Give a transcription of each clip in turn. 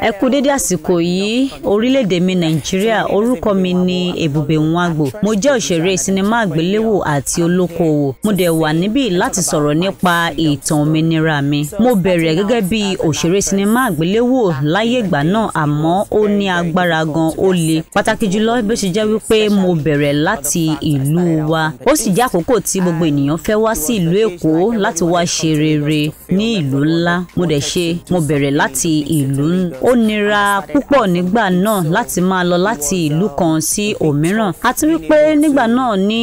ẹ kú dédé àsìkò yìí orílẹ̀-èdè mi nàìjíríà orúkọ mi ni èbùbè nwagbò mo jẹ́ òṣèré sinimá àgbéléwò àti olókoòwò mo dẹ̀ wà níbí láti sọ̀rọ̀ nípa ìtàn òmìnira mi mo bẹ̀rẹ̀ gẹ́gẹ́ bí òṣèré sinimá àgbéléwò láyé ìgbà náà àmọ́ ó ní agbára gan ó le pàtàkì jùlọ bí ó ṣe jẹ́ wípé mo bẹ̀rẹ̀ láti ìlú wa ó sì jẹ́ àkókò tí gbogbo ènìyàn fẹ́ wá sí ìlú èkó láti wá ṣe rere ní ìlú ńlá mo dẹ̀ ṣe mo bẹ̀rẹ̀ láti ìlú ó ó nira púpọ̀ nígbà náà láti máa lọ láti ìlú kan sí òmíràn àti wípé nígbà náà ní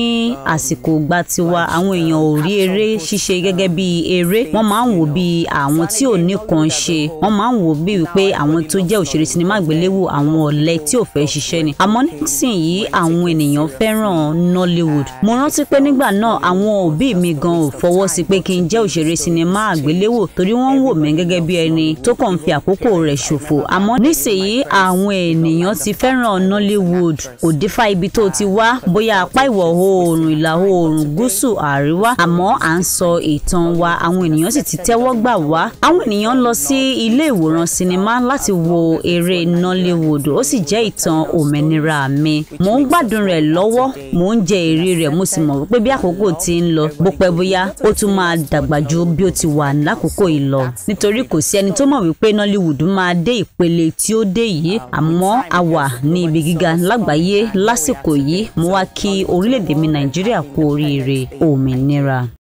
àsìkò ìgbà tiwa àwọn èèyàn ò rí eré ṣíṣe gẹ́gẹ́ bí eré wọ́n máa ń wò bí àwọn tí ò ní kan ṣe wọ́n máa ń wò bí wípé àwọn tó jẹ́ òṣèré sinimá àgbéléwò àwọn ọ̀lẹ tí ò fẹ́ ṣiṣẹ́ ni àmọ́ nísìnyí àwọn ènìyàn fẹ́ràn Nollywood mo rántí pé nígbà náà àwọn òbí mi gan ò fọwọ́ sí pé kí n jẹ́ òṣèré sinimá àgbéléwò torí wọ́n ń wò mí gẹ́gẹ́ bí ẹni tó kàn ń fi àkókò rẹ̀ ṣòfò kò àmọ́ nísìnyí àwọn ènìyàn ti fẹ́ràn Nollywood kò dífá ibi tó ti wá bóyá apá ìwọ̀ oòrùn ìlà oòrùn gúúsù àríwá àmọ́ à ń sọ ìtàn wa àwọn ènìyàn sì ti tẹ́wọ́ gbà wá àwọn ènìyàn ń lọ sí ilé ìwòran sinimá láti wo eré Nollywood ó sì jẹ́ ìtàn òmìnira mi mò ń gbádùn rẹ̀ lọ́wọ́ mò ń jẹ èrè rẹ̀ mo sì mọ̀ wípé bí àkókò ti ń lọ bó pẹ́ bóyá ó tún máa dàgbà ju bí ó ti wà lákòókò yìí lọ nítorí kò sí ẹni tó mọ̀ wípé Nollywood máa dé ì ìpele tí ó dé yìí ah, àmọ́ a wà ní ibi gíga lágbàáyé lásìkò yìí mo wá kí orílẹ̀-èdè mi nàìjíríà kú oríire òmìnira.